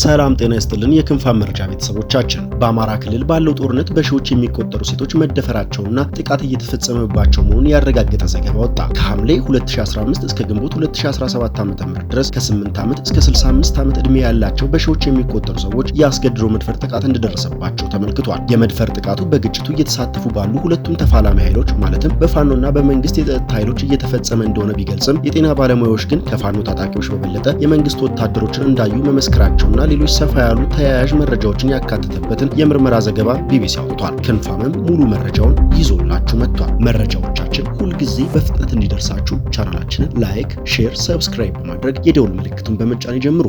ሰላም ጤና ይስጥልን የክንፋን መረጃ ቤተሰቦቻችን። በአማራ ክልል ባለው ጦርነት በሺዎች የሚቆጠሩ ሴቶች መደፈራቸውና ጥቃት እየተፈጸመባቸው መሆኑን ያረጋገጠ ዘገባ ወጣ። ከሐምሌ 2015 እስከ ግንቦት 2017 ዓ.ም ድረስ ከ8 ዓመት እስከ 65 ዓመት ዕድሜ ያላቸው በሺዎች የሚቆጠሩ ሰዎች የአስገድዶ መድፈር ጥቃት እንደደረሰባቸው ተመልክቷል። የመድፈር ጥቃቱ በግጭቱ እየተሳተፉ ባሉ ሁለቱም ተፋላሚ ኃይሎች ማለትም በፋኖና በመንግስት የጸጥታ ኃይሎች እየተፈጸመ እንደሆነ ቢገልጽም የጤና ባለሙያዎች ግን ከፋኖ ታጣቂዎች በበለጠ የመንግስት ወታደሮችን እንዳዩ መመስከራቸውና ሌሎች ሰፋ ያሉ ተያያዥ መረጃዎችን ያካተተበትን የምርመራ ዘገባ ቢቢሲ አውጥቷል። ክንፋምም ሙሉ መረጃውን ይዞላችሁ መጥቷል። መረጃዎቻችን ሁልጊዜ በፍጥነት እንዲደርሳችሁ ቻናላችንን ላይክ፣ ሼር፣ ሰብስክራይብ በማድረግ የደውል ምልክቱን በመጫን ይጀምሩ።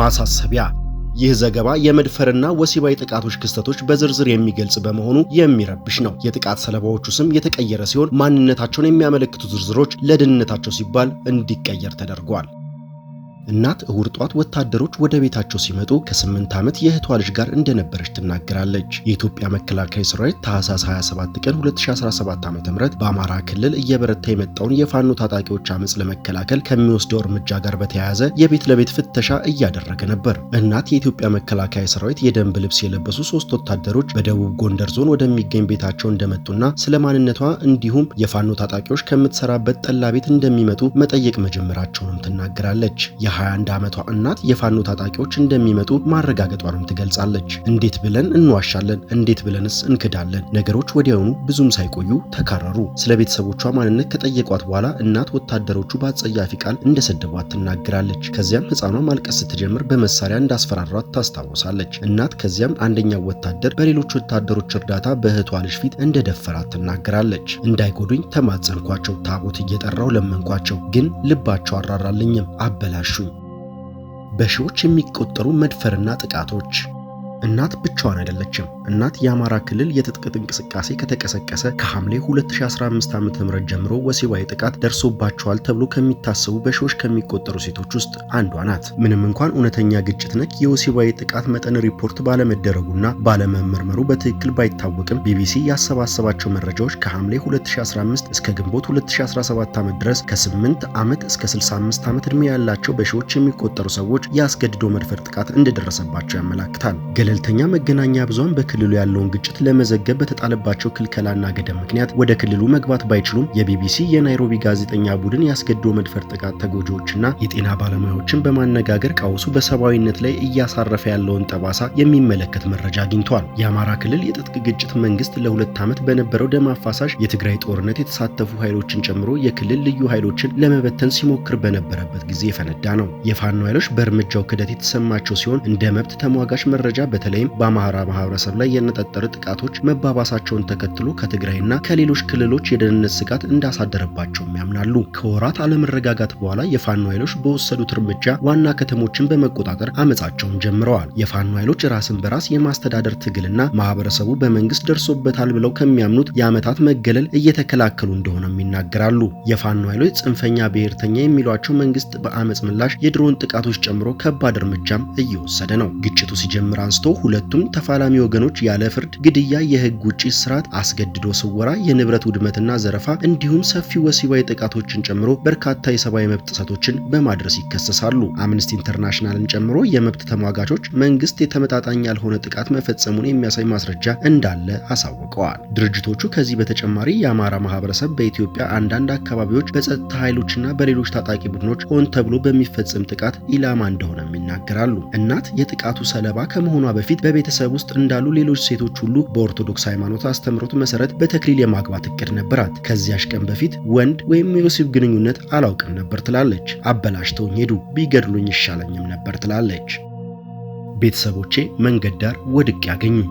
ማሳሰቢያ ይህ ዘገባ የመድፈርና ወሲባዊ ጥቃቶች ክስተቶች በዝርዝር የሚገልጽ በመሆኑ የሚረብሽ ነው። የጥቃት ሰለባዎቹ ስም የተቀየረ ሲሆን ማንነታቸውን የሚያመለክቱ ዝርዝሮች ለደህንነታቸው ሲባል እንዲቀየር ተደርጓል። እናት እሁድ ጧት ወታደሮች ወደ ቤታቸው ሲመጡ ከስምንት ዓመት የእህቷ ልጅ ጋር እንደነበረች ትናገራለች። የኢትዮጵያ መከላከያ ሰራዊት ታህሳስ 27 ቀን 2017 .ም በአማራ ክልል እየበረታ የመጣውን የፋኖ ታጣቂዎች አመፅ ለመከላከል ከሚወስደው እርምጃ ጋር በተያያዘ የቤት ለቤት ፍተሻ እያደረገ ነበር። እናት የኢትዮጵያ መከላከያ ሰራዊት የደንብ ልብስ የለበሱ ሶስት ወታደሮች በደቡብ ጎንደር ዞን ወደሚገኝ ቤታቸው እንደመጡና ስለ ማንነቷ እንዲሁም የፋኖ ታጣቂዎች ከምትሰራበት ጠላ ቤት እንደሚመጡ መጠየቅ መጀመራቸውንም ትናገራለች። 21 ዓመቷ እናት የፋኖ ታጣቂዎች እንደሚመጡ ማረጋገጧንም ትገልጻለች። እንዴት ብለን እንዋሻለን? እንዴት ብለንስ እንክዳለን? ነገሮች ወዲያውኑ ብዙም ሳይቆዩ ተካረሩ። ስለ ቤተሰቦቿ ማንነት ከጠየቋት በኋላ እናት ወታደሮቹ በአጸያፊ ቃል እንደሰደቧት ትናገራለች። ከዚያም ሕፃኗ ማልቀስ ስትጀምር በመሳሪያ እንዳስፈራሯት ታስታውሳለች። እናት ከዚያም አንደኛው ወታደር በሌሎች ወታደሮች እርዳታ በእህቷ ልጅ ፊት እንደደፈራት ትናገራለች። እንዳይጎዱኝ ተማጸንኳቸው፣ ታቦት እየጠራው ለመንኳቸው፣ ግን ልባቸው አራራልኝም፣ አበላሹ በሺዎች የሚቆጠሩ መድፈርና ጥቃቶች እናት ብቻዋን አይደለችም። እናት የአማራ ክልል የትጥቅ እንቅስቃሴ ከተቀሰቀሰ ከሐምሌ 2015 ም ጀምሮ ወሲባዊ ጥቃት ደርሶባቸዋል ተብሎ ከሚታሰቡ በሺዎች ከሚቆጠሩ ሴቶች ውስጥ አንዷ ናት። ምንም እንኳን እውነተኛ ግጭት ነክ የወሲባዊ ጥቃት መጠን ሪፖርት ባለመደረጉና ባለመመርመሩ በትክክል ባይታወቅም ቢቢሲ ያሰባሰባቸው መረጃዎች ከሐምሌ 2015 እስከ ግንቦት 2017 ዓመት ድረስ ከ8 ዓመት እስከ 65 ዓመት ዕድሜ ያላቸው በሺዎች የሚቆጠሩ ሰዎች የአስገድዶ መድፈር ጥቃት እንደደረሰባቸው ያመላክታል። ገለልተኛ መገናኛ ብዙሃን በክልሉ ያለውን ግጭት ለመዘገብ በተጣለባቸው ክልከላና ገደብ ምክንያት ወደ ክልሉ መግባት ባይችሉም የቢቢሲ የናይሮቢ ጋዜጠኛ ቡድን ያስገደው መድፈር ጥቃት ተጎጂዎችና የጤና ባለሙያዎችን በማነጋገር ቀውሱ በሰብአዊነት ላይ እያሳረፈ ያለውን ጠባሳ የሚመለከት መረጃ አግኝቷል። የአማራ ክልል የትጥቅ ግጭት መንግስት ለሁለት ዓመት በነበረው ደም አፋሳሽ የትግራይ ጦርነት የተሳተፉ ኃይሎችን ጨምሮ የክልል ልዩ ኃይሎችን ለመበተን ሲሞክር በነበረበት ጊዜ የፈነዳ ነው። የፋኖ ኃይሎች በእርምጃው ክደት የተሰማቸው ሲሆን እንደ መብት ተሟጋች መረጃ በተለይም በአማራ ማህበረሰብ ላይ የነጠጠረ ጥቃቶች መባባሳቸውን ተከትሎ ከትግራይና ከሌሎች ክልሎች የደህንነት ስጋት እንዳሳደረባቸውም ያምናሉ። ከወራት አለመረጋጋት በኋላ የፋኖ ኃይሎች በወሰዱት እርምጃ ዋና ከተሞችን በመቆጣጠር አመጻቸውን ጀምረዋል። የፋኖ ኃይሎች ራስን በራስ የማስተዳደር ትግልና ማህበረሰቡ በመንግስት ደርሶበታል ብለው ከሚያምኑት የዓመታት መገለል እየተከላከሉ እንደሆነም ይናገራሉ። የፋኖ ኃይሎች ጽንፈኛ ብሔርተኛ የሚሏቸው መንግስት በአመፅ ምላሽ የድሮን ጥቃቶች ጨምሮ ከባድ እርምጃም እየወሰደ ነው። ግጭቱ ሲጀምር አንስቶ ተነስቶ ሁለቱም ተፋላሚ ወገኖች ያለ ፍርድ ግድያ፣ የህግ ውጪ ስርዓት፣ አስገድዶ ስወራ፣ የንብረት ውድመትና ዘረፋ እንዲሁም ሰፊ ወሲባዊ ጥቃቶችን ጨምሮ በርካታ የሰብአዊ መብት ጥሰቶችን በማድረስ ይከሰሳሉ። አምነስቲ ኢንተርናሽናልን ጨምሮ የመብት ተሟጋቾች መንግስት የተመጣጣኝ ያልሆነ ጥቃት መፈጸሙን የሚያሳይ ማስረጃ እንዳለ አሳውቀዋል። ድርጅቶቹ ከዚህ በተጨማሪ የአማራ ማህበረሰብ በኢትዮጵያ አንዳንድ አካባቢዎች በጸጥታ ኃይሎችና በሌሎች ታጣቂ ቡድኖች ሆን ተብሎ በሚፈጸም ጥቃት ኢላማ እንደሆነም ይናገራሉ። እናት የጥቃቱ ሰለባ ከመሆኗ በፊት በቤተሰብ ውስጥ እንዳሉ ሌሎች ሴቶች ሁሉ በኦርቶዶክስ ሃይማኖት አስተምሮት መሰረት በተክሊል የማግባት እቅድ ነበራት። ከዚያሽ ቀን በፊት ወንድ ወይም የወሲብ ግንኙነት አላውቅም ነበር ትላለች። አበላሽተውኝ ሄዱ፣ ቢገድሉኝ ይሻለኝም ነበር ትላለች። ቤተሰቦቼ መንገድ ዳር ወድቅ ያገኙኝ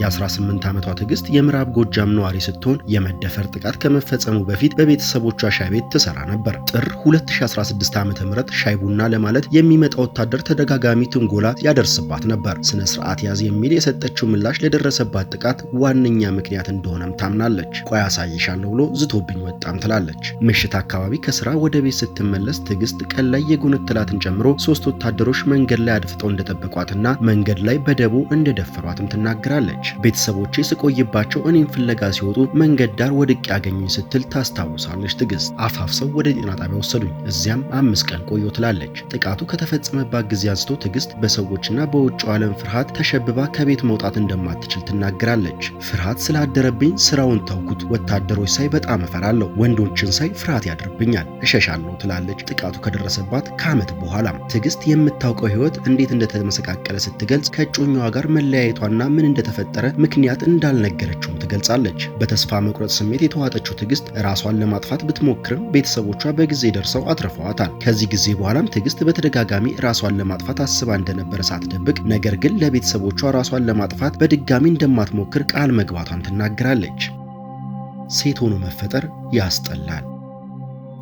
የ18 ዓመቷ ትዕግስት የምዕራብ ጎጃም ነዋሪ ስትሆን የመደፈር ጥቃት ከመፈጸሙ በፊት በቤተሰቦቿ ሻይ ቤት ትሰራ ነበር። ጥር 2016 ዓ ም ሻይ ቡና ለማለት የሚመጣ ወታደር ተደጋጋሚ ትንጎላ ያደርስባት ነበር። ስነ ስርዓት ያዝ የሚል የሰጠችው ምላሽ ለደረሰባት ጥቃት ዋነኛ ምክንያት እንደሆነም ታምናለች። ቆይ አሳይሻለሁ ብሎ ዝቶብኝ ወጣም ትላለች። ምሽት አካባቢ ከስራ ወደ ቤት ስትመለስ ትዕግስት ቀን ላይ የጎነተላትን ጨምሮ ሶስት ወታደሮች መንገድ ላይ አድፍጠው እንደጠበቋትና መንገድ ላይ በደቦ እንደደፈሯትም ትናገራለች። ነበረች። ቤተሰቦቼ ስቆይባቸው እኔን ፍለጋ ሲወጡ መንገድ ዳር ወድቅ ያገኙኝ ስትል ታስታውሳለች ትዕግስት። አፋፍሰው ወደ ጤና ጣቢያ ወሰዱኝ፣ እዚያም አምስት ቀን ቆዮ ትላለች። ጥቃቱ ከተፈጸመባት ጊዜ አንስቶ ትዕግስት በሰዎችና በውጭው ዓለም ፍርሃት ተሸብባ ከቤት መውጣት እንደማትችል ትናገራለች። ፍርሃት ስላደረብኝ ስራውን ተውኩት። ወታደሮች ሳይ በጣም እፈራለሁ። ወንዶችን ሳይ ፍርሃት ያድርብኛል፣ እሸሻለሁ ትላለች። ጥቃቱ ከደረሰባት ከዓመት በኋላም ትዕግስት የምታውቀው ህይወት እንዴት እንደተመሰቃቀለ ስትገልጽ ከእጮኛዋ ጋር መለያየቷና ምን እንደተፈጠ እንደተፈጠረ ምክንያት እንዳልነገረችውም ትገልጻለች። በተስፋ መቁረጥ ስሜት የተዋጠችው ትዕግስት ራሷን ለማጥፋት ብትሞክርም ቤተሰቦቿ በጊዜ ደርሰው አትርፈዋታል። ከዚህ ጊዜ በኋላም ትዕግስት በተደጋጋሚ ራሷን ለማጥፋት አስባ እንደነበረ ሳትደብቅ፣ ነገር ግን ለቤተሰቦቿ ራሷን ለማጥፋት በድጋሚ እንደማትሞክር ቃል መግባቷን ትናገራለች። ሴት ሆኖ መፈጠር ያስጠላል።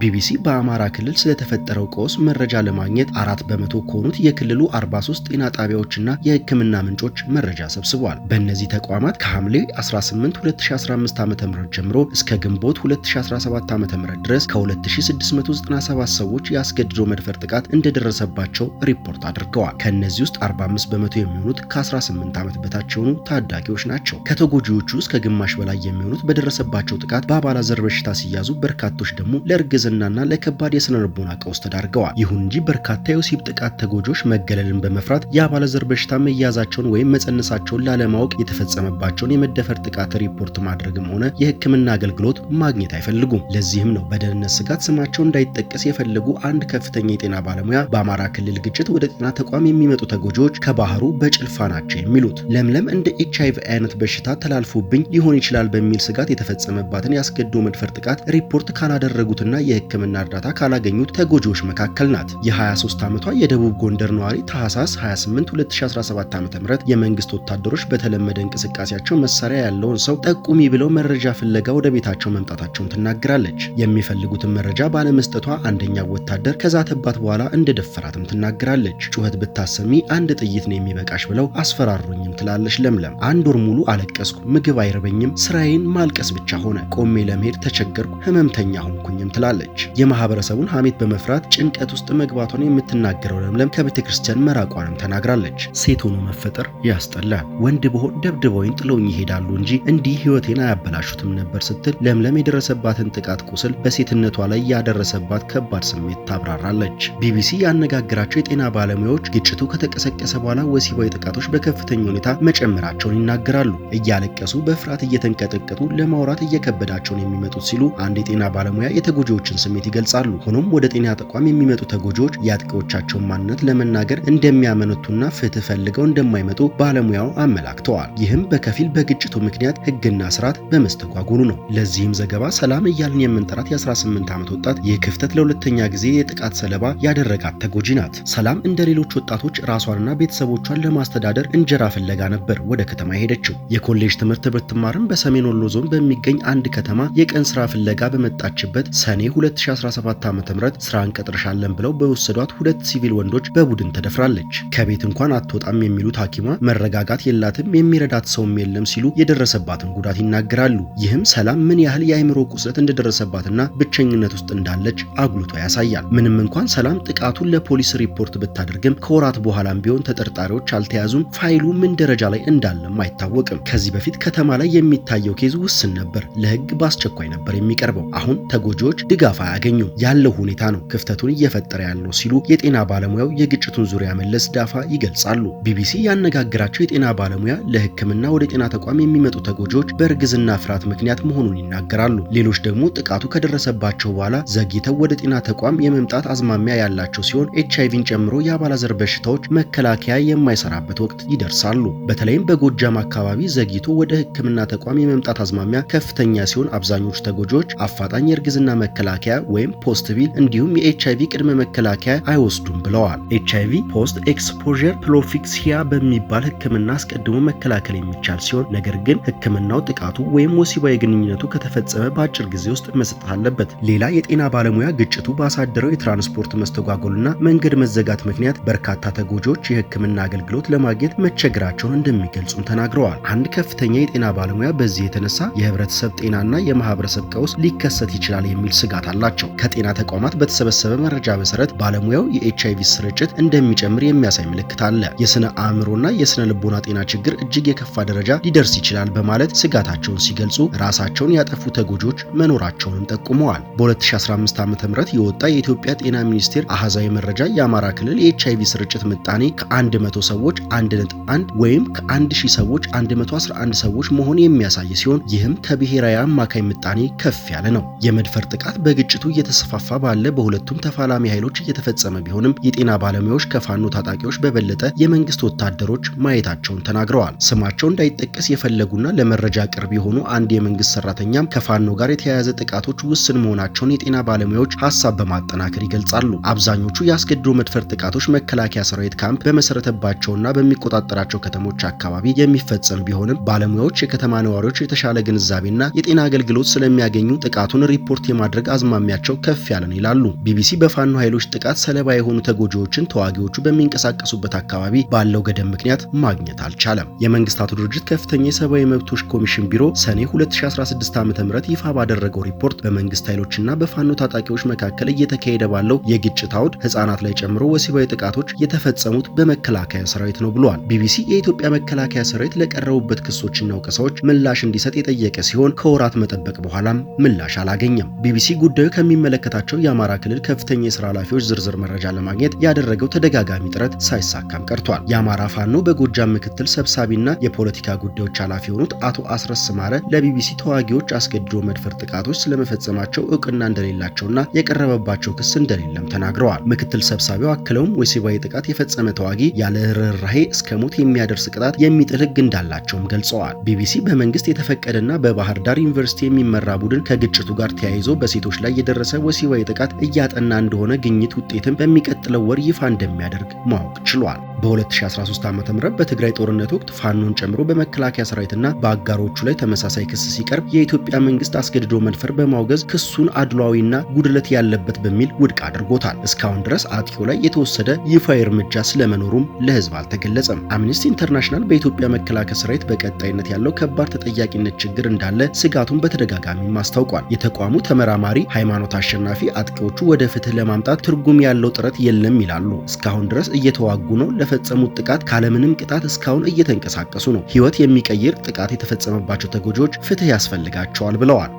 ቢቢሲ በአማራ ክልል ስለተፈጠረው ቀውስ መረጃ ለማግኘት አራት በመቶ ከሆኑት የክልሉ 43 ጤና ጣቢያዎችና የሕክምና ምንጮች መረጃ ሰብስቧል። በእነዚህ ተቋማት ከሐምሌ 18 2015 ዓ ም ጀምሮ እስከ ግንቦት 2017 ዓ ም ድረስ ከ2697 ሰዎች የአስገድዶ መድፈር ጥቃት እንደደረሰባቸው ሪፖርት አድርገዋል። ከእነዚህ ውስጥ 45 በመቶ የሚሆኑት ከ18 ዓመት በታች የሆኑ ታዳጊዎች ናቸው። ከተጎጂዎቹ ውስጥ ከግማሽ በላይ የሚሆኑት በደረሰባቸው ጥቃት በአባላ ዘር በሽታ ሲያዙ፣ በርካቶች ደግሞ ለእርግዝ እርግዝናና ለከባድ የስነ ልቦና ቀውስ ተዳርገዋል። ይሁን እንጂ በርካታ የወሲብ ጥቃት ተጎጂዎች መገለልን በመፍራት የአባለዘር በሽታ መያዛቸውን ወይም መጸነሳቸውን ላለማወቅ የተፈጸመባቸውን የመደፈር ጥቃት ሪፖርት ማድረግም ሆነ የሕክምና አገልግሎት ማግኘት አይፈልጉም። ለዚህም ነው በደህንነት ስጋት ስማቸው እንዳይጠቀስ የፈለጉ አንድ ከፍተኛ የጤና ባለሙያ በአማራ ክልል ግጭት ወደ ጤና ተቋም የሚመጡ ተጎጂዎች ከባህሩ በጭልፋ ናቸው የሚሉት። ለምለም እንደ ኤች አይቪ አይነት በሽታ ተላልፎብኝ ሊሆን ይችላል በሚል ስጋት የተፈጸመባትን የአስገድዶ መድፈር ጥቃት ሪፖርት ካላደረጉትና የህክምና እርዳታ ካላገኙት ተጎጂዎች መካከል ናት። የ23 ዓመቷ የደቡብ ጎንደር ነዋሪ ታህሳስ 28 2017 ዓ.ም የመንግስት ወታደሮች በተለመደ እንቅስቃሴያቸው መሳሪያ ያለውን ሰው ጠቁሚ ብለው መረጃ ፍለጋ ወደ ቤታቸው መምጣታቸውን ትናገራለች። የሚፈልጉትን መረጃ ባለመስጠቷ አንደኛው ወታደር ከዛተባት በኋላ እንደደፈራትም ትናገራለች። ጩኸት ብታሰሚ አንድ ጥይት ነው የሚበቃሽ ብለው አስፈራሩኝም ትላለች ለምለም። አንድ ወር ሙሉ አለቀስኩ፣ ምግብ አይርበኝም፣ ስራዬን ማልቀስ ብቻ ሆነ፣ ቆሜ ለመሄድ ተቸገርኩ፣ ህመምተኛ ሆንኩኝም ትላለች። ትገኛለች። የማህበረሰቡን ሀሜት በመፍራት ጭንቀት ውስጥ መግባቷን የምትናገረው ለምለም ከቤተ ክርስቲያን መራቋንም ተናግራለች። ሴት ሆኖ መፈጠር ያስጠላል። ወንድ ብሆን ደብድበውኝ ጥለውኝ ይሄዳሉ እንጂ እንዲህ ህይወቴን አያበላሹትም ነበር ስትል ለምለም የደረሰባትን ጥቃት ቁስል በሴትነቷ ላይ ያደረሰባት ከባድ ስሜት ታብራራለች። ቢቢሲ ያነጋገራቸው የጤና ባለሙያዎች ግጭቱ ከተቀሰቀሰ በኋላ ወሲባዊ ጥቃቶች በከፍተኛ ሁኔታ መጨመራቸውን ይናገራሉ። እያለቀሱ በፍርሃት እየተንቀጠቀጡ ለማውራት እየከበዳቸውን የሚመጡት ሲሉ አንድ የጤና ባለሙያ የተጎጂዎችን የሰዎችን ስሜት ይገልጻሉ። ሆኖም ወደ ጤና ተቋም የሚመጡ ተጎጂዎች የአጥቂዎቻቸውን ማንነት ለመናገር እንደሚያመነቱና ፍትህ ፈልገው እንደማይመጡ ባለሙያው አመላክተዋል። ይህም በከፊል በግጭቱ ምክንያት ህግና ስርዓት በመስተጓጎሉ ነው። ለዚህም ዘገባ ሰላም እያልን የምንጠራት የ18 ዓመት ወጣት ይህ ክፍተት ለሁለተኛ ጊዜ የጥቃት ሰለባ ያደረጋት ተጎጂ ናት። ሰላም እንደ ሌሎች ወጣቶች ራሷንና ቤተሰቦቿን ለማስተዳደር እንጀራ ፍለጋ ነበር ወደ ከተማ ሄደችው። የኮሌጅ ትምህርት ብትማርም በሰሜን ወሎ ዞን በሚገኝ አንድ ከተማ የቀን ስራ ፍለጋ በመጣችበት ሰኔ 2017 ዓ.ም ስራ እንቀጥርሻለን ብለው በወሰዷት ሁለት ሲቪል ወንዶች በቡድን ተደፍራለች። ከቤት እንኳን አትወጣም የሚሉት ሐኪሟ መረጋጋት የላትም የሚረዳት ሰውም የለም ሲሉ የደረሰባትን ጉዳት ይናገራሉ። ይህም ሰላም ምን ያህል የአእምሮ ቁስለት እንደደረሰባትና ብቸኝነት ውስጥ እንዳለች አጉልቶ ያሳያል። ምንም እንኳን ሰላም ጥቃቱን ለፖሊስ ሪፖርት ብታደርግም ከወራት በኋላም ቢሆን ተጠርጣሪዎች አልተያዙም። ፋይሉ ምን ደረጃ ላይ እንዳለም አይታወቅም። ከዚህ በፊት ከተማ ላይ የሚታየው ኬዝ ውስን ነበር፣ ለህግ በአስቸኳይ ነበር የሚቀርበው። አሁን ተጎጂዎች ድጋፍ ድጋፍ አያገኙም ያለው ሁኔታ ነው ክፍተቱን እየፈጠረ ያለው ሲሉ የጤና ባለሙያው የግጭቱን ዙሪያ መለስ ዳፋ ይገልጻሉ። ቢቢሲ ያነጋግራቸው የጤና ባለሙያ ለሕክምና ወደ ጤና ተቋም የሚመጡ ተጎጂዎች በእርግዝና ፍርሃት ምክንያት መሆኑን ይናገራሉ። ሌሎች ደግሞ ጥቃቱ ከደረሰባቸው በኋላ ዘግይተው ወደ ጤና ተቋም የመምጣት አዝማሚያ ያላቸው ሲሆን ኤች አይቪን ጨምሮ የአባላዘር በሽታዎች መከላከያ የማይሰራበት ወቅት ይደርሳሉ። በተለይም በጎጃም አካባቢ ዘግይቶ ወደ ሕክምና ተቋም የመምጣት አዝማሚያ ከፍተኛ ሲሆን አብዛኞቹ ተጎጂዎች አፋጣኝ የእርግዝና መከላከያ መከላከያ ወይም ፖስት ቢል እንዲሁም የኤች አይቪ ቅድመ መከላከያ አይወስዱም ብለዋል። ኤች አይቪ ፖስት ኤክስፖዠር ፕሮፊክሲያ በሚባል ሕክምና አስቀድሞ መከላከል የሚቻል ሲሆን ነገር ግን ሕክምናው ጥቃቱ ወይም ወሲባዊ ግንኙነቱ ከተፈጸመ በአጭር ጊዜ ውስጥ መሰጠት አለበት። ሌላ የጤና ባለሙያ ግጭቱ ባሳደረው የትራንስፖርት መስተጓጎልና መንገድ መዘጋት ምክንያት በርካታ ተጎጂዎች የሕክምና አገልግሎት ለማግኘት መቸገራቸውን እንደሚገልጹም ተናግረዋል። አንድ ከፍተኛ የጤና ባለሙያ በዚህ የተነሳ የህብረተሰብ ጤናና የማህበረሰብ ቀውስ ሊከሰት ይችላል የሚል ስጋት አላቸው። ከጤና ተቋማት በተሰበሰበ መረጃ መሰረት ባለሙያው የኤች አይቪ ስርጭት እንደሚጨምር የሚያሳይ ምልክት አለ። የስነ አእምሮና የስነ ልቦና ጤና ችግር እጅግ የከፋ ደረጃ ሊደርስ ይችላል በማለት ስጋታቸውን ሲገልጹ ራሳቸውን ያጠፉ ተጎጆች መኖራቸውንም ጠቁመዋል። በ2015 ዓ ም የወጣ የኢትዮጵያ ጤና ሚኒስቴር አሃዛዊ መረጃ የአማራ ክልል የኤች አይቪ ስርጭት ምጣኔ ከ100 ሰዎች 1.1 ወይም ከ1000 ሰዎች 111 ሰዎች መሆን የሚያሳይ ሲሆን ይህም ከብሔራዊ አማካይ ምጣኔ ከፍ ያለ ነው። የመድፈር ጥቃት በ ግጭቱ እየተስፋፋ ባለ በሁለቱም ተፋላሚ ኃይሎች እየተፈጸመ ቢሆንም የጤና ባለሙያዎች ከፋኖ ታጣቂዎች በበለጠ የመንግስት ወታደሮች ማየታቸውን ተናግረዋል። ስማቸው እንዳይጠቀስ የፈለጉና ለመረጃ ቅርብ የሆኑ አንድ የመንግስት ሰራተኛም ከፋኖ ጋር የተያያዘ ጥቃቶች ውስን መሆናቸውን የጤና ባለሙያዎች ሀሳብ በማጠናከር ይገልጻሉ። አብዛኞቹ የአስገድዶ መድፈር ጥቃቶች መከላከያ ሰራዊት ካምፕ በመሰረተባቸውና በሚቆጣጠራቸው ከተሞች አካባቢ የሚፈጸም ቢሆንም ባለሙያዎች የከተማ ነዋሪዎች የተሻለ ግንዛቤና የጤና አገልግሎት ስለሚያገኙ ጥቃቱን ሪፖርት የማድረግ አዝ አዝማሚያቸው ከፍ ያለ ነው ይላሉ። ቢቢሲ በፋኖ ኃይሎች ጥቃት ሰለባ የሆኑ ተጎጂዎችን ተዋጊዎቹ በሚንቀሳቀሱበት አካባቢ ባለው ገደብ ምክንያት ማግኘት አልቻለም። የመንግስታቱ ድርጅት ከፍተኛ የሰብአዊ መብቶች ኮሚሽን ቢሮ ሰኔ 2016 ዓ.ም ይፋ ባደረገው ሪፖርት በመንግስት ኃይሎችና በፋኖ ታጣቂዎች መካከል እየተካሄደ ባለው የግጭት አውድ ህጻናት ላይ ጨምሮ ወሲባዊ ጥቃቶች የተፈጸሙት በመከላከያ ሰራዊት ነው ብሏል። ቢቢሲ የኢትዮጵያ መከላከያ ሰራዊት ለቀረቡበት ክሶችና ወቀሳዎች ምላሽ እንዲሰጥ የጠየቀ ሲሆን ከወራት መጠበቅ በኋላም ምላሽ አላገኘም። ቢቢሲ ጉዳዩ ከሚመለከታቸው የአማራ ክልል ከፍተኛ የስራ ኃላፊዎች ዝርዝር መረጃ ለማግኘት ያደረገው ተደጋጋሚ ጥረት ሳይሳካም ቀርቷል። የአማራ ፋኖ በጎጃም ምክትል ሰብሳቢና የፖለቲካ ጉዳዮች ኃላፊ የሆኑት አቶ አስረስ ማረ ለቢቢሲ ተዋጊዎች አስገድዶ መድፈር ጥቃቶች ስለመፈጸማቸው እውቅና እንደሌላቸውና የቀረበባቸው ክስ እንደሌለም ተናግረዋል። ምክትል ሰብሳቢው አክለውም ወሲባዊ ጥቃት የፈጸመ ተዋጊ ያለ ርኅራኄ እስከ ሞት የሚያደርስ ቅጣት የሚጥል ሕግ እንዳላቸውም ገልጸዋል። ቢቢሲ በመንግስት የተፈቀደና በባህር ዳር ዩኒቨርሲቲ የሚመራ ቡድን ከግጭቱ ጋር ተያይዞ በሴቶች ላይ የደረሰ ወሲባዊ ጥቃት እያጠና እንደሆነ ግኝት ውጤትን በሚቀጥለው ወር ይፋ እንደሚያደርግ ማወቅ ችሏል። በ2013 ዓ ም በትግራይ ጦርነት ወቅት ፋኖን ጨምሮ በመከላከያ ሰራዊትና በአጋሮቹ ላይ ተመሳሳይ ክስ ሲቀርብ የኢትዮጵያ መንግስት አስገድዶ መድፈር በማውገዝ ክሱን አድሏዊና ጉድለት ያለበት በሚል ውድቅ አድርጎታል። እስካሁን ድረስ አጥቂው ላይ የተወሰደ ይፋ እርምጃ ስለመኖሩም ለህዝብ አልተገለጸም። አምነስቲ ኢንተርናሽናል በኢትዮጵያ መከላከያ ሰራዊት በቀጣይነት ያለው ከባድ ተጠያቂነት ችግር እንዳለ ስጋቱን በተደጋጋሚ አስታውቋል። የተቋሙ ተመራማሪ ሃይማኖት አሸናፊ አጥቂዎቹ ወደ ፍትህ ለማምጣት ትርጉም ያለው ጥረት የለም ይላሉ። እስካሁን ድረስ እየተዋጉ ነው። ለፈጸሙት ጥቃት ካለምንም ቅጣት እስካሁን እየተንቀሳቀሱ ነው። ህይወት የሚቀይር ጥቃት የተፈጸመባቸው ተጎጂዎች ፍትህ ያስፈልጋቸዋል ብለዋል።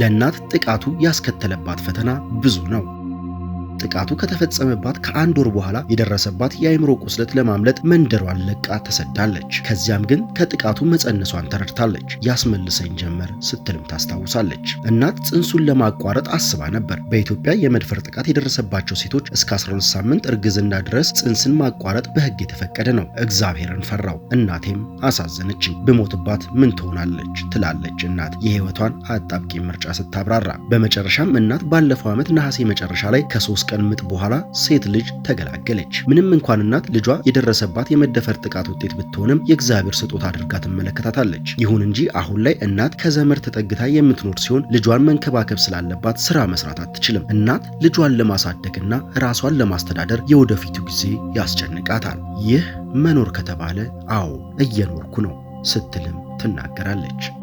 ለእናት ጥቃቱ ያስከተለባት ፈተና ብዙ ነው። ጥቃቱ ከተፈጸመባት ከአንድ ወር በኋላ የደረሰባት የአእምሮ ቁስለት ለማምለጥ መንደሯን ለቃ ተሰዳለች። ከዚያም ግን ከጥቃቱ መጸነሷን ተረድታለች። ያስመልሰኝ ጀመር ስትልም ታስታውሳለች። እናት ጽንሱን ለማቋረጥ አስባ ነበር። በኢትዮጵያ የመድፈር ጥቃት የደረሰባቸው ሴቶች እስከ 12 ሳምንት እርግዝና ድረስ ጽንስን ማቋረጥ በሕግ የተፈቀደ ነው። እግዚአብሔርን ፈራው። እናቴም አሳዘነችኝ። ብሞትባት ምን ትሆናለች? ትላለች እናት የህይወቷን አጣብቂ ምርጫ ስታብራራ። በመጨረሻም እናት ባለፈው ዓመት ነሐሴ መጨረሻ ላይ ከሶስት ከ ቀን ምጥ በኋላ ሴት ልጅ ተገላገለች። ምንም እንኳን እናት ልጇ የደረሰባት የመደፈር ጥቃት ውጤት ብትሆንም የእግዚአብሔር ስጦታ አድርጋ ትመለከታታለች። ይሁን እንጂ አሁን ላይ እናት ከዘመድ ተጠግታ የምትኖር ሲሆን ልጇን መንከባከብ ስላለባት ስራ መስራት አትችልም። እናት ልጇን ለማሳደግና ራሷን ለማስተዳደር የወደፊቱ ጊዜ ያስጨንቃታል። ይህ መኖር ከተባለ አዎ እየኖርኩ ነው ስትልም ትናገራለች።